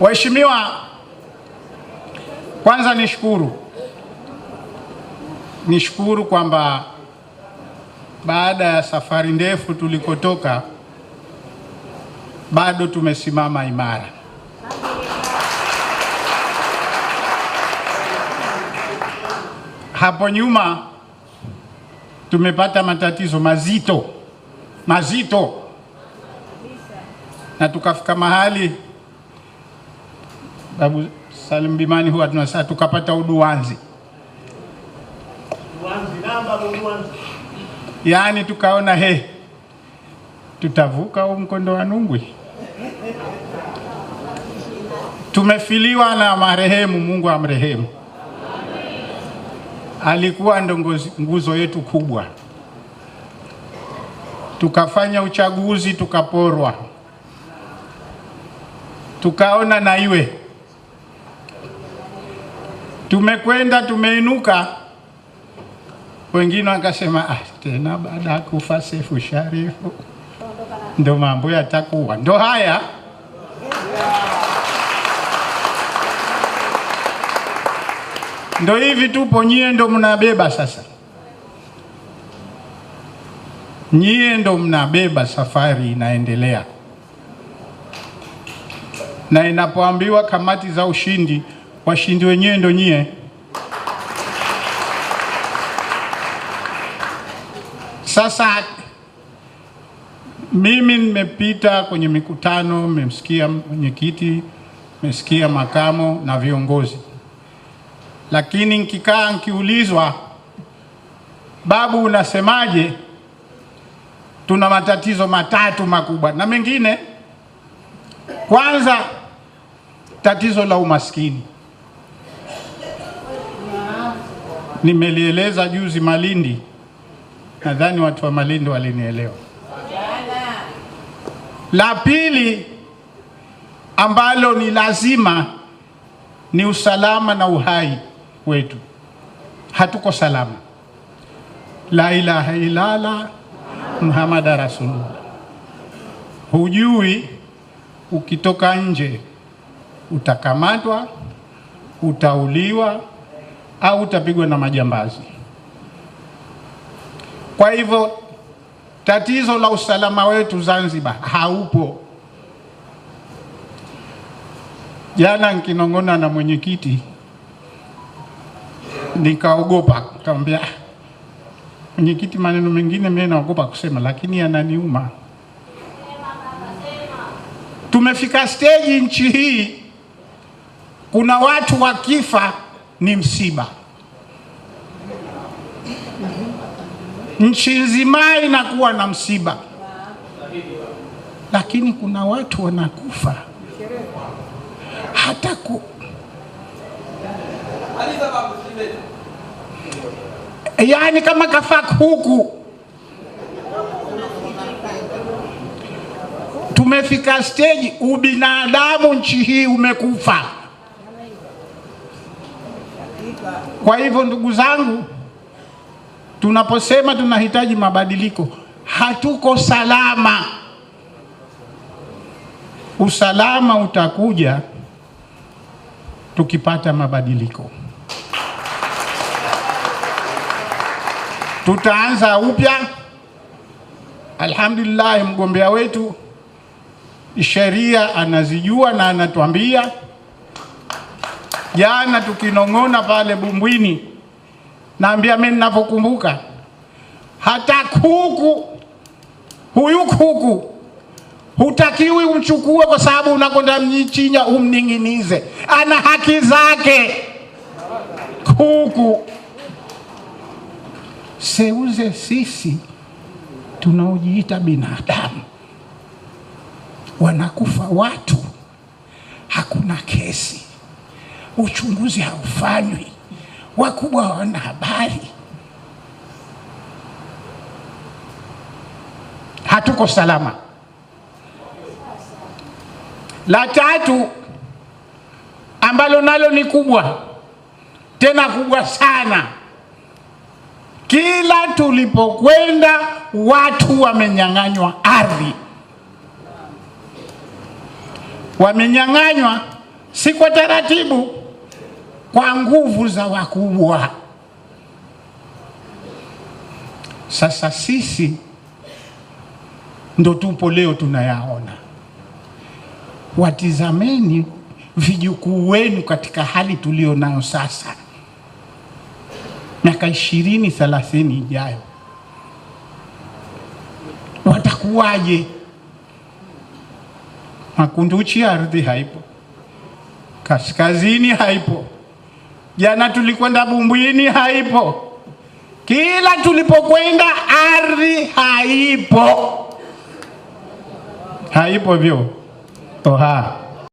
Waheshimiwa, kwanza nishukuru nishukuru kwamba baada ya safari ndefu tulikotoka bado tumesimama imara. Hapo nyuma tumepata matatizo mazito mazito na tukafika mahali sababu Salim Bimani huwa tunasema tukapata uduwanzi, yaani tukaona he, tutavuka huu mkondo wa Nungwi. Tumefiliwa na marehemu, Mungu amrehemu, alikuwa ndo nguzo yetu kubwa. Tukafanya uchaguzi tukaporwa, tukaona na iwe Tumekwenda tumeinuka, wengine wakasema ah, tena baada ya kufa sefu Sharifu ndo mambo yatakuwa ndo haya. Ndo hivi tupo, nyie ndo mnabeba sasa, nyie ndo mnabeba, safari inaendelea. Na inapoambiwa kamati za ushindi Washindi wenyewe ndo nyie. Sasa mimi nimepita kwenye mikutano, mmemsikia mwenyekiti, mmesikia makamo na viongozi, lakini nikikaa nikiulizwa, babu, unasemaje? Tuna matatizo matatu makubwa na mengine. Kwanza, tatizo la umaskini. nimelieleza juzi Malindi, nadhani watu wa Malindi walinielewa. La pili ambalo ni lazima ni usalama na uhai wetu, hatuko salama. La ilaha ilala Muhammada rasulullah. Hujui ukitoka nje utakamatwa, utauliwa au utapigwa na majambazi. Kwa hivyo tatizo la usalama wetu Zanzibar haupo. Jana nikinong'ona na mwenyekiti nikaogopa, kaambia mwenyekiti, maneno mengine mimi naogopa kusema, lakini yananiuma. Tumefika steji nchi hii, kuna watu wakifa ni msiba. Nchi nzima inakuwa na msiba, lakini kuna watu wanakufa hata ku yaani kama kafa huku tumefika steji, ubinadamu nchi hii umekufa. Kwa hivyo ndugu zangu, tunaposema tunahitaji mabadiliko, hatuko salama. Usalama utakuja tukipata mabadiliko. Tutaanza upya. Alhamdulillah, mgombea wetu sheria anazijua na anatuambia jana tukinong'ona pale Bumbwini, naambia mimi ninapokumbuka, hata kuku huyu kuku hutakiwi umchukue kwa sababu unakwenda mnyichinya umning'inize, ana haki zake. Kuku seuze sisi tunaojiita binadamu, wanakufa watu, hakuna kesi uchunguzi haufanywi, wakubwa hawana habari. Hatuko salama. La tatu ambalo nalo ni kubwa tena kubwa sana, kila tulipokwenda watu wamenyang'anywa ardhi. Wamenyang'anywa si kwa taratibu kwa nguvu za wakubwa. Sasa sisi ndo tupo leo tunayaona. Watizameni vijukuu wenu katika hali tulio nayo sasa, miaka ishirini thelathini ijayo watakuwaje? Makunduchi ardhi haipo, kaskazini haipo Jana tulikwenda Bumbwini, haipo. Kila tulipokwenda ardhi haipo, haipo vyo oha